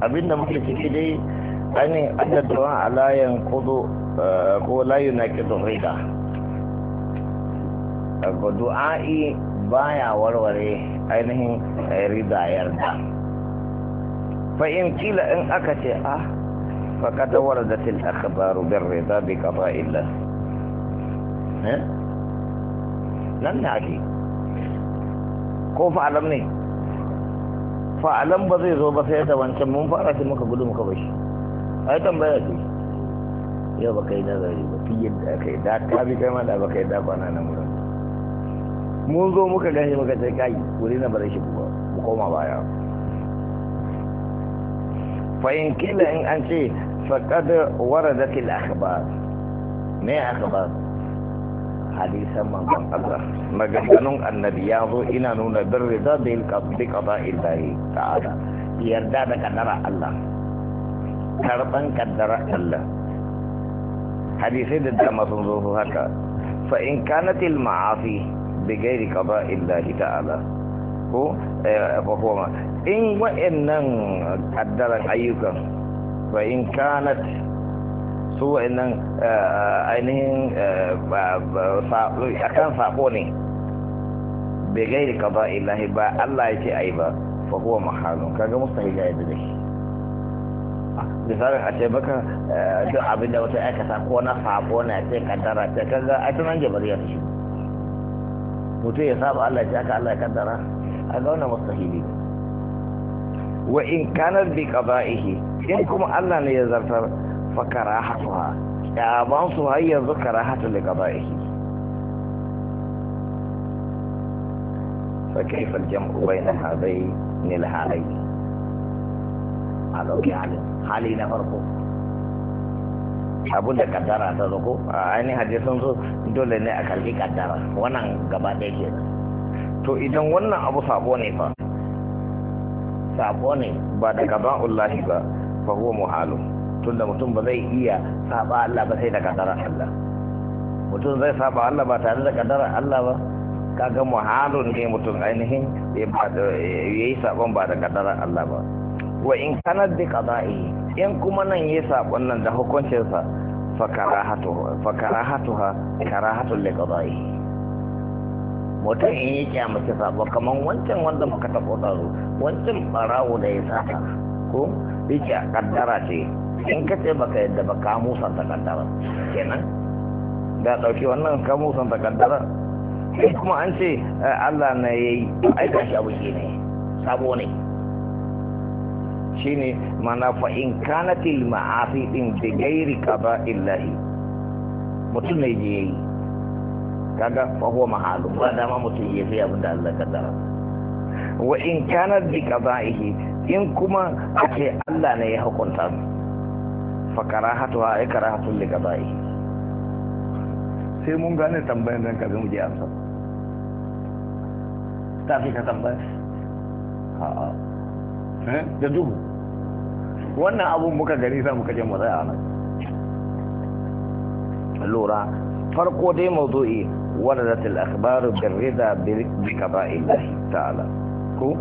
abinda muke ciki dai ainihin adadawa a layin kudu eh, ko layu na kidu rida ba ya warware ainihin eh, rida yarda fa'in kila in aka ce a ah, da faƙada waradatil akhbaru bin rida bi kafa illa eh? nan da ake ko fa'alam ne fa fa'alan ba zai zo ba sai da wancan mun fara shi muka gudu muka bashi ai tambaya ce yau ba kai nazari ba fi yadda aka yi da ka bi kai ma da ba kai da kwana nan wurin mun zo muka gani muka ce kai wuri na bar shi ba mu koma baya fa in kila in an ce faqad waradatil akhbar me akhbar hadisan manzon Allah maganganun annabi ya zo ina nuna bin rida da yin kasbi kaba ilahi ta'ala yarda da kaddara Allah karban kaddara Allah hadisai da dama sun zo haka fa in kanat al ma'asi bi ghairi qada illahi ta'ala ko eh, fa huwa in wa'annan kaddaran ayyukan fa in kanat su wa'annan eh, ainihin eh, akan sako ne bai gai ka kaba ilahi ba Allah ya ce a yi ba fa huwa mahalun kaga mustahil ya yadda da ah, misalin a ce baka eh, duk abin da wata aika sako na sako na ce kaddara ce kaga a tunan jabar ya shi mutum ya saba Allah ya ce aka Allah ya kaddara a ga wannan mustahili wa in kanar bi qada'ihi in kuma Allah ne ya zartar fakara hatuwa ya ba su har yanzu kara hatu da gaba ya yi sake haifar jam'u bai na hazai ne da halayi a ɗauki halin hali na farko abin da kaddara ta zuku a ainihin sun su dole ne a kalli kaddara wannan gaba ɗaya ke to idan wannan abu sabo ne ba sabo ne ba da gaba ullahi ba fa huwa muhalu tunda mutum ba zai iya saba Allah ba sai da kadara Allah mutum zai saba Allah ba tare da kadara Allah ba kaga muhalun ne mutum ainihin yayi sabon ba da kadara Allah ba wa in kana da qada'i in kuma nan yayi sabon nan da hukuncinsa fa karahatuha fa karahatuha karahatul li qada'i mutum in yi kyamace sabo kaman wancan wanda muka taɓo tsaro wancan ɓarawo da ya sata ko yake a kaddara ce in ka ce baka yadda ba ka musan takaddara kenan da ɗauki wannan ka musan takaddara sai kuma an ce eh, Allah na yayi aika shi abu ne sabo ne shine mana fa in kanatil ma'afi din gairi ka ba illahi mutum ne yi. kaga fa huwa mahalu ba da ma mutum ya fi abin da Allah kaddara wa in kanat bi qada'ihi in kuma ake Allah ne ya hukunta su fa karahatuha ay da gaba'i sai mun gane tambayar zan kafin mu je amsa ta fi ka tambaya a'a eh? da duhu wannan abun muka gani za mu je matsaya tsaya nan lura farko dai mawdu'i waradat al-akhbar birrida bi qada'illahi ta'ala ko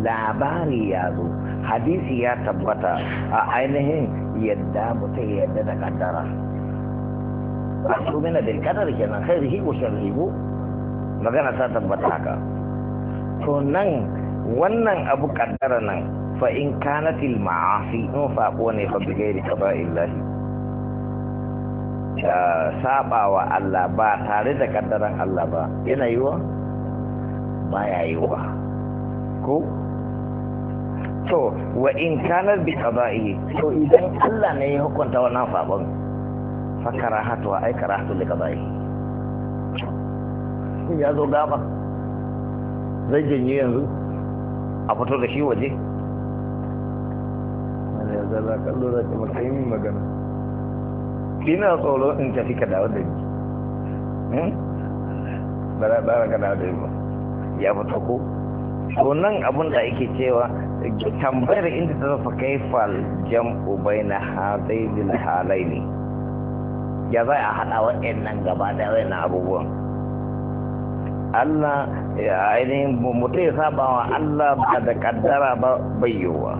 labari ya zo hadisi ya tabbata a ainihin yadda mutum yadda da kaddara a tumina bil kadar kenan khairihi wa sharrihi magana ta tabbata haka to nan wannan abu kaddara nan fa in kanat al ma'asi in faqo ne fa bi ghairi qada'illahi saɓawa Allah ba tare da kaddaran Allah ba yana yiwa yi yiwa ko to wa in kanar bi qada'i to idan Allah ne ya hukunta wannan sabon fa karahatu ai karatu li qada'i ya zo gaba zai janye yanzu a fito da shi waje wani ya zala kallo za ka maka yi magana ina tsoro in tafi ka dawo da ni hmm? ba ra ka dawo da ni ba ya fito ko to nan abin da ake cewa tambayar inda ta zafa kaifal jam'u bai na hadai bin halai ne ya za a haɗa nan gaba da waɗannan abubuwan Allah ya ainihin mutum ya saba wa Allah ba da kaddara ba bayyowa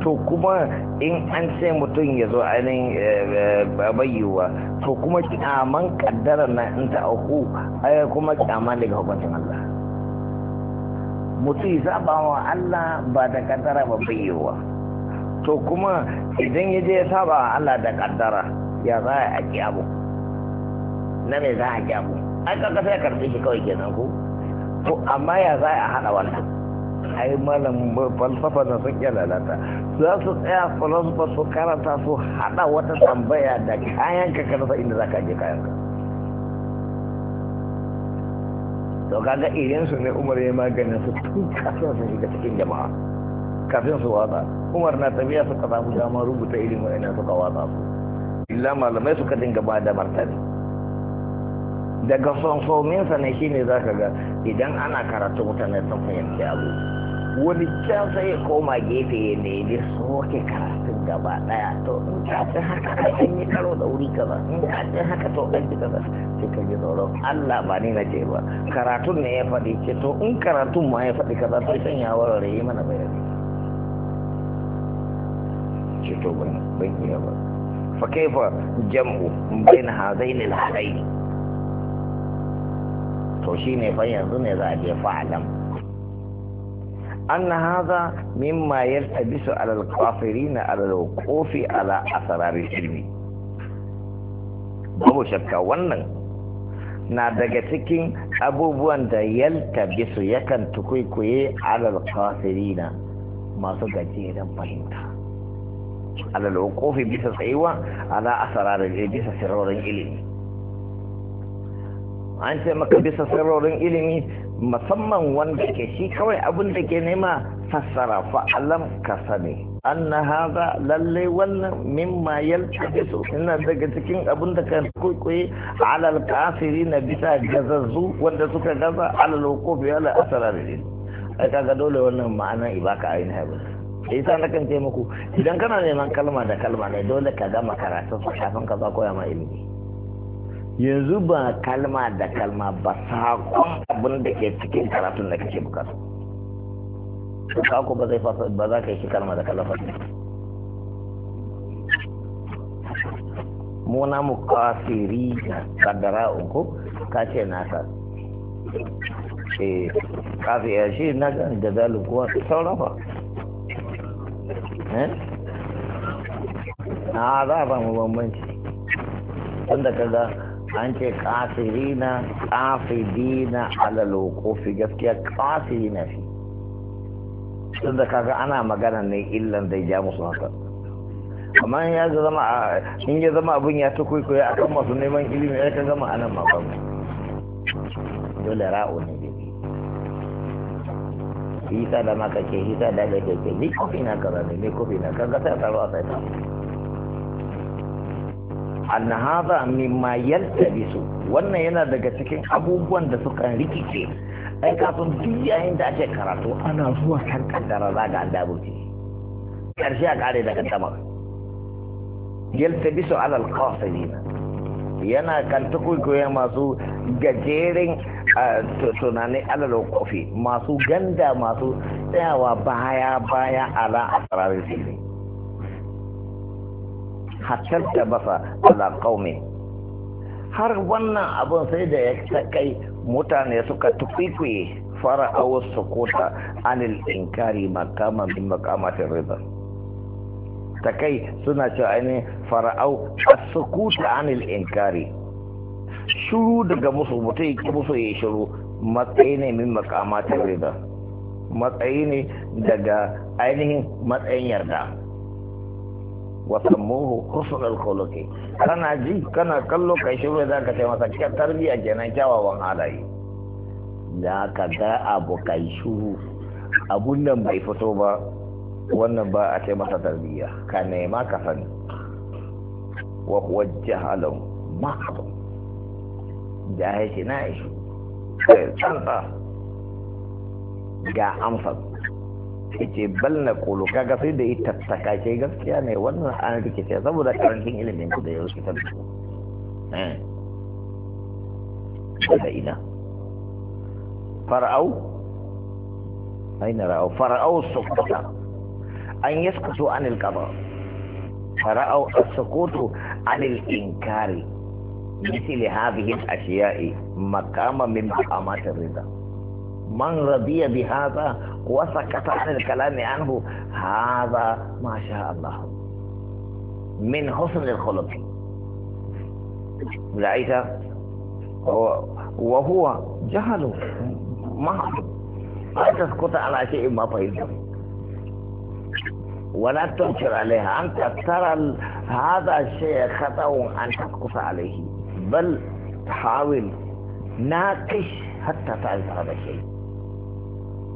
to kuma in an ce mutum ya zo ainihin eh, eh, bayyowa to kuma kyaman kaddara na in ta auku kuma kyaman daga hukuncin Allah mutu saba wa Allah ba da kaddara ba wa, to kuma idan ya je saba wa Allah da kaddara ya za a ki abu na mai za a ki abu ai kaka sai karbi shi kawai kenan ko to amma ya za a hada wannan ai malam falsafa da suke lalata za su tsaya falsafa su karanta su hada wata tambaya da kayan ka karasa inda za ka je kayan ka to kaga irin su ne umar ya maganin su tun kafin su shiga cikin jama'a kafin su watsa umar na tafiya suka samu dama rubuta irin wa'ina suka watsa su illa malamai suka dinga ba da martani daga sonsominsa ne shine za ka ga idan ana karatu mutane sun fahimci abu wani can sai ya koma gefe ya nemi soke karatun gaba daya to in ka ce haka an yi karo da wuri kaza in ka ce haka to an ji kaza sai ka ji tsoron Allah ba ni na ce ba karatun ne ya faɗi ce to in karatun ma ya faɗi kaza sai san ya warware yi mana bayani ce to ban ban yi ba fa kaifa jam'u bain hadain al-hadain to shine fa yanzu ne za a je fa'alam أن هذا مما يلتبس على الكافرين على الوقوف على أسرار العلم babu shakka wannan na daga cikin abubuwan da yaltabisu yakan tukwikwaye alal kafirina masu gajeren fahimta alal kofi bisa tsayuwa ala asararin bisa sirrorin ilimi an ce maka bisa sirrorin ilimi musamman wanda ke shi kawai abin da ke nema fassara fa alam ka sani An na haza lalle wannan mimma yaltabisu ina daga cikin abin da kan kwaikwaye alal kafiri na bisa gazazzu wanda suka gaza alal hukufi ala asararin ai kaga dole wannan ma'anar ibaka ainihin abin da isa na kan taimako. idan kana neman kalma da kalma ne dole ka gama karatun kafin ka koya ma ilimi yanzu ba kalma da kalma ba sakon abin da ke cikin karatun da kake bukatu kako ba zai fasa ba za ka yi kalma da kalma mu na mu kafiri da kadara uku ka ce na ka eh, kafi ya shi na ga da zalu kuwa sauran ba na eh? ah, za ba mu bambanci tun da ga. an ce kafirina kafidina alalo kofi gaskiya kafirina fi sun da kaga ana magana ne illan da ja musu haka amma ya zama a in ya zama abin ya ta kwaikwaya akan masu neman ilimi ya ka zama anan makon dole ra'o ne hita da maka ke hita da da ke ke ni kofi na kaza ne ni kofi na kaga sai a sai a sai an haza mimma yaltabisu wannan yana daga cikin abubuwan da suka rikice ai kafin duk yayin da ake karatu ana zuwa kan kaddara za ga buci karshe a kare da kaddamar yaltabisu ala alqasirin yana kanta kwaikwayo masu gajeren tunanin alal kofi masu ganda masu tsayawa baya baya ala a tsararin fili hatta ta basa ala kaume har wannan abun sai da ya kai mutane suka tukwikwiye fara su kota anil inkari makama min makamatin rida ta kai suna cewa ainihin fara'au a sukuta anil inkari shuru daga musu mutum ya musu ya shiru matsayi ne min makamatin rida matsayi ne daga ainihin matsayin yarda wasammuhu sammuhu husnul khuluqi kana ji kana kallo kai shi za ka ce masa cikin tarbiyya kenan kyawawan halaye da ka ga abu kai shi abun nan bai fito ba wannan ba a ce masa tarbiyya ka nema ka sani wa huwa Da ya jahilci na ishi ga amsa yace bal na kolo kaga sai da ita ta takake gaskiya ne wannan an rikice saboda karancin ilimin ku da ya rusu tabi da eh. ina far'au aina ra'au far'au sukuta an yaskutu anil qada far'au as-sukutu anil inkari misil hadhihi هذه الأشياء مقام من مقامات man radiya bi hadha وسكت عن الكلام عنه هذا ما شاء الله من حسن الخلق لعيسى وهو جهل ما لا تسكت على شيء ما طيب ولا تنكر عليها أنت ترى هذا الشيء خطأ أن تسكت عليه بل تحاول ناقش حتى تعرف هذا الشيء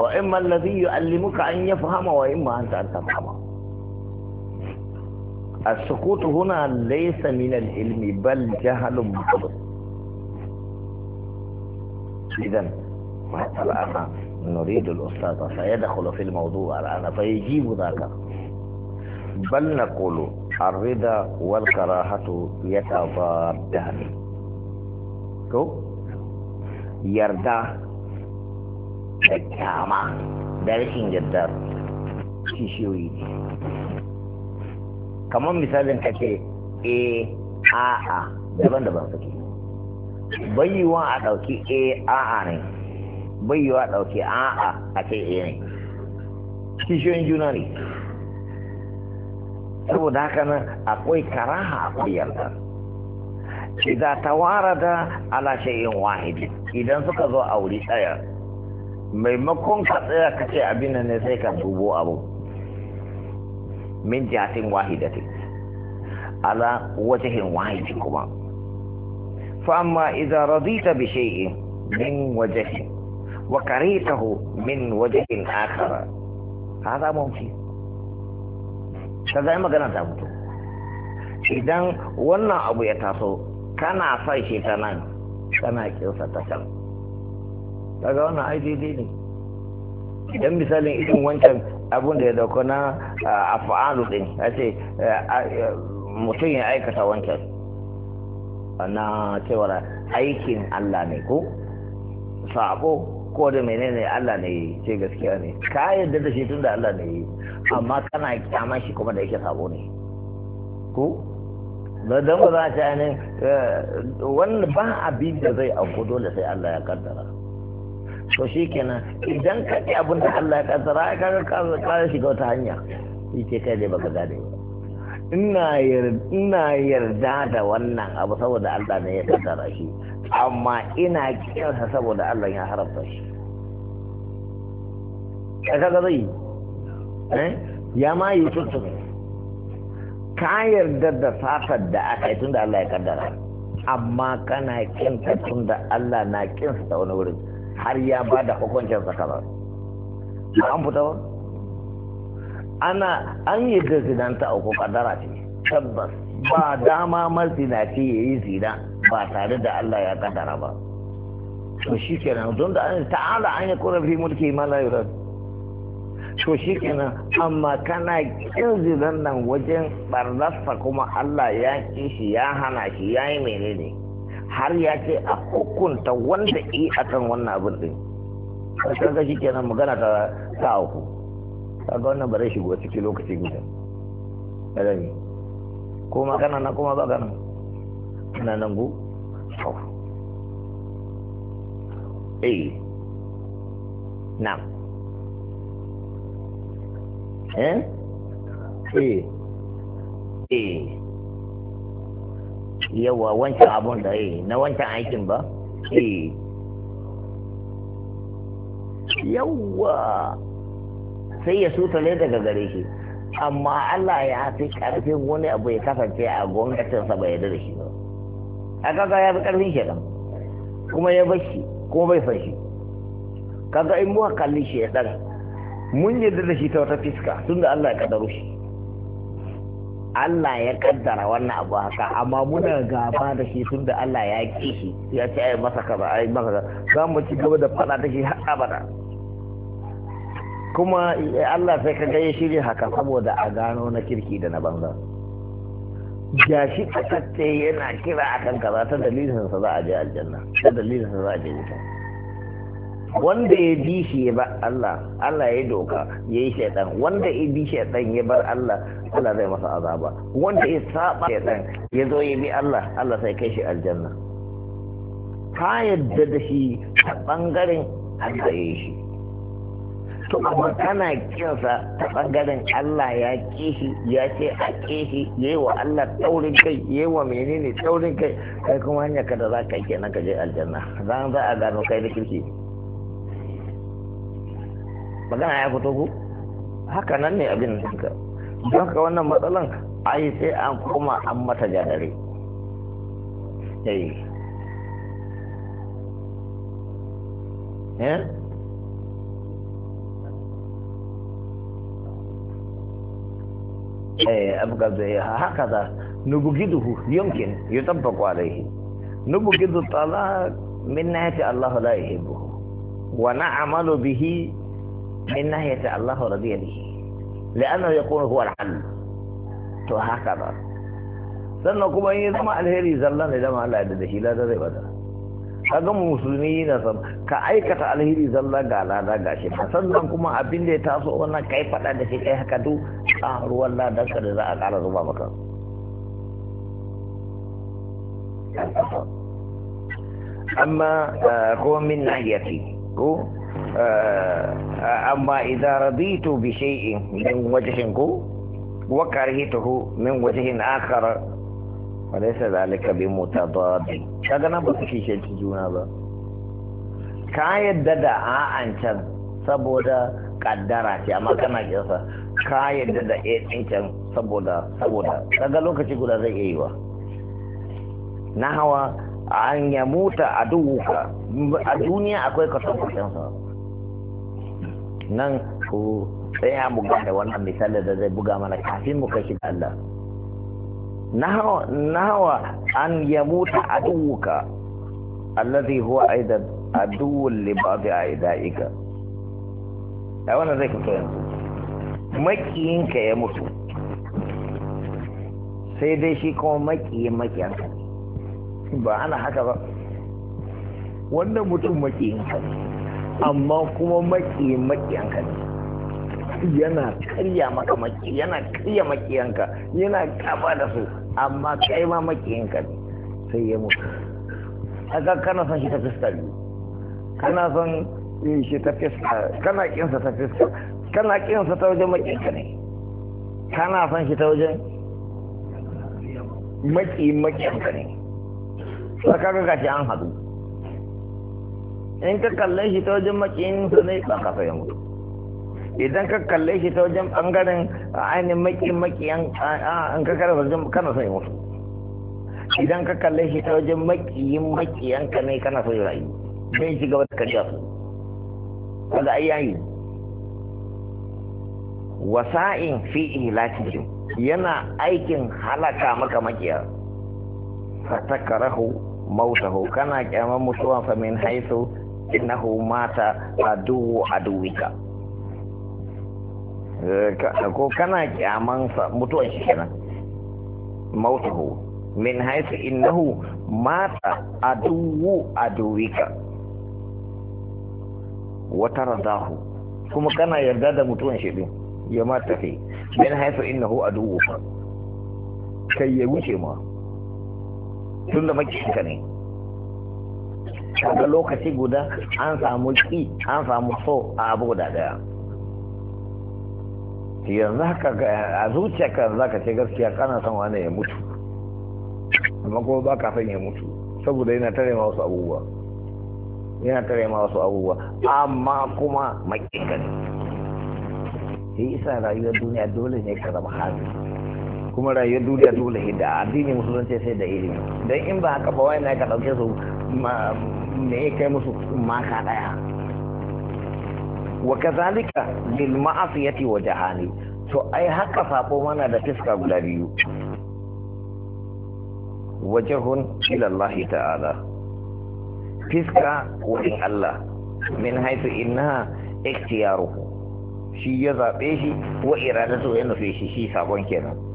وإما الذي يعلمك أن يفهم وإما أنت أن تفهم السكوت هنا ليس من العلم بل جهل مطلق إذا الآن نريد الأستاذ سيدخل في الموضوع الآن فيجيب ذاك بل نقول الرضا والكراهة يتضادان يرضى da kyama da yadda kishiyoyi ne kamar misalin ka ce eh, a a daban-daban suke bayyuwa a ɗauki eh, a A ne bayyuwa a ɗauki A a ce a eh ne shishiyoyin juna ne saboda haka nan akwai karaha akwai yarda idza da ala shay'in wahid idan suka zo a wuri tsaya maimakon ka tsaya ka ce abin nan ne sai ka dubo abu min jatin wahidatin ala wajahin wahidin kuma fa amma idza radita bi shay'in min wajhin wa karitahu min wajhin akhar hada mumkin kaza magana ta mutu idan wannan abu ya taso kana son shi ta nan kana kinsa ta can kaga wannan ai daidai ne idan misalin irin wancan abun da ya dauko na afa'alu din a ce mutum ya aikata wancan na cewar aikin Allah ne ko sabo ko da menene Allah ne ce gaskiya ne ka yadda da shi tun da Allah ne amma kana kyama shi kuma da yake sabo ne ko da ba za a ci ainihin eh, wannan ba abin da zai auku dole sai Allah ya kaddara to shi kenan idan ka ce abin da Allah ya kaddara ka ga ka shiga wata hanya shi ke kai dai baka gane ina ina yarda da wannan abu saboda Allah ne ya kaddara shi amma ina kiyarsa saboda Allah ya haramta shi ka ga zai eh ya ma yi tuntun ka yarda da fatar da aka yi tun da Allah ya kaddara amma kana kin tun da Allah na kinsa ta wani wurin har ya ba da hukuncin sa an fita ana an yi da zinanta a ko kadara ce tabbas ba dama ce ya yi zina ba tare da Allah ya kaddara ba to shi kenan don da ta'ala an yi korafi mulki ma yurad to shi kenan amma kana kin zinan nan wajen barnarsa kuma Allah ya ki ya hana shi ya yi menene har ya ce a hukunta wanda i akan wannan abin din kan ke nan magana ta ta uku kaga wannan ba zai shigo cikin lokaci guda kadani ko magana na kuma ba gana na nan gu eh na eh eh eh yawa wancan abun da yi eh, na wancan aikin ba eh yawa sai ya sutale daga gare shi amma Allah ya fi karfin wani abu ya kasance a gwamnatinsa bai yarda da shi ba a kaga ya fi karfin shi kuma ya bashi kuma bai san shi kaga in muka kalli shi ya mun yarda da shi ta wata fiska tunda Allah ya kaddaro shi Allah ya kaddara wannan abu haka amma muna gaba da shi tun da Allah ya ki shi ya ce ai masa kaza ai masa za mu ci gaba da fada da shi har abada kuma eh, Allah sai ka gaya shi haka saboda a gano na kirki da na banza ya shi kasance yana kira a kan kaza ta dalilinsa za a je aljanna ta dalilinsa za a je aljanna wanda ya bi shi ya bar Allah Allah ya doka ya yi shaitan wanda ya bi shaitan ya bar Allah Allah zai masa azaba wanda ya saba shaitan ya zo ya bi Allah Allah sai kai shi aljanna ka yadda da shi ta bangaren Allah ya yi shi to amma kana kinsa a bangaren Allah ya ƙi shi ya ce a ƙi shi yayi wa Allah taurin kai yayi wa menene taurin kai kai kuma hanya ka da za ka kenan ka je aljanna zan za a gano kai da kirki magana ya fito ku haka nan ne abin ka don ka wannan matsalan ai sai an koma an mata jadare eh eh eh abu ka zai haka za nubugiduhu yankin ya tabbaku alaihi nubugidu talaq min nahati Allah la yuhibbu wa na'malu bihi من ناحية الله رضي به لأنه يكون هو الحل sannan kuma yi zama alheri zalla ne zama Allah da shi lada zai bada ka ga musulmi na ka aikata alheri zalla ga lada ga shi sannan kuma abin da ya taso wannan kai fada da shi kai haka du karuwar ladan ka da za a kara zuba maka amma ko min nahiyati ko Eh, amma idza raditu bi shay'in min wajhin ku wa karhituhu min wajhin akhar walaysa zalika bi mutadad kaga nan ba su kishe juna ba ka yadda da a'an can saboda kaddara ce amma kana kiyasa ka yadda da a'an eh can saboda saboda kaga lokaci guda zai iya yi wa na hawa an ya muta a duka a duniya akwai kaso kusansa nan ku tsaya mu da wannan misali da zai buga mana kafin mu kashi da Allah hawa an ya muta a duka allazi huwa aida aduwwun li ba'di aida'ika ai wannan zai fito yanzu makiyinka ya mutu sai dai shi kuma makiyin makiyanka ne ba ana haka ba wannan mutum maƙiyinka amma kuma maki maki ne yana karya maka maki yana karya yanka yana gaba da su amma kai ma maki ne sai ya mutu haka kana son shi ta fiska biyu kana son eh, shi ta fiska kana kinsa ta fiska kana kinsa ta wajen maƙiyinka ne kana son shi ta wajen maki maƙiyanka ne ba ka ga gashi an haɗu in ka kalle shi ta wajen makin su ne ba ka ya mutu idan ka kalle shi ta wajen ɓangaren ainihin makin makiyan an ka kare wajen kana sai mutu idan ka kalle shi ta wajen makiyin makiyan ka ne kana sai rayu bai shiga wata kariya su wanda ai yayi wasa'in fi ihlakihim yana aikin halaka maka makiya fatakarahu mautahu kana kyaman fa min haisu innahu mata aduwu aduwika eh, ko kana kyaman sa mutuwan shi kenan mautahu min haisu innahu mata aduwu aduwika wata radahu kuma kana yarda da mutuwan shi din ya mata fi min haisu innahu aduwu kai ya wuce ma tun da makishinka ne kaga lokaci guda an samu ki an samu so a abu guda daya yanzu haka a zuciyarka yanzu haka ce gaskiya kana son wani ya mutu amma kuma ba ka son ya mutu saboda yana tare ma wasu abubuwa yana tare ma wasu abubuwa amma kuma makishinka ne sai isa rayuwar duniya dole ne ka zama hali kuma rayuwar duniya dole da addini musulunci sai da ilimi don in ba haka ba wani ka ɗauke su me kai musu maka ɗaya wa kazalika lil ma'asiyati wa jahani to ai haka sako mana da fiska guda biyu wajahun ila Allah ta'ala fiska wajen Allah min haitu inna ikhtiyaruhu shi ya zaɓe shi wa iradatu ya nufe shi shi sakon kenan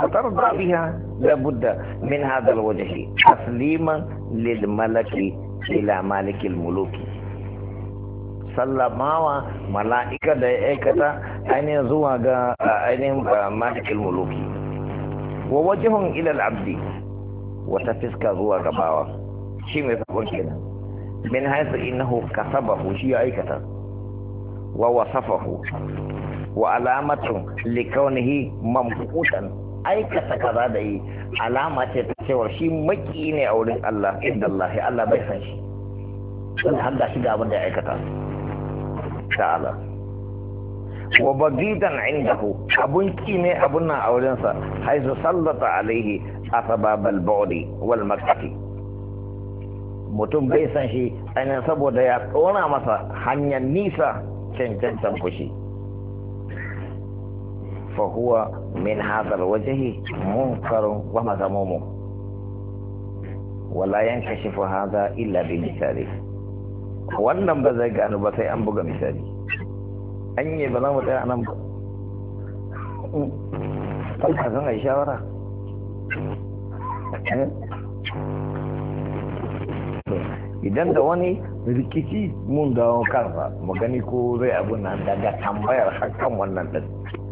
فترضى بها لابد من هذا الوجه تسليما للملك إلى مالك الملوك sallamawa mala'ika da ya aikata ainihin zuwa ga ainihin malikil muluki wa wajihun ilal abdi wata fiska zuwa ga bawa shi mai sabon kenan min haisu innahu kasabahu shi ya aikata wa wasafahu wa alamatun likaunihi mamfutan aikata kaza da yi alama ce ta cewar shi maki ne a wurin Allah inda Allah Allah bai san shi sun hadda shi ga abin da ya aikata ta'ala wa bagidan indahu abun ki ne abun nan a wurinsa haizu sallata alaihi asbabal Baudi wal maqati mutum bai san shi ainihin saboda ya tsona masa hanyar nisa cancancan fushi فهو من هذا الوجه منكر ومذموم ولا ينكشف هذا إلا بمثاله wannan ba zai gano ba sai an buga misali an yi ba zama mu a nan ba falka sun a shawara eh? idan da wani rikici mun dawo kansa mu gani ko zai abu na daga tambayar hakan wannan ɗan.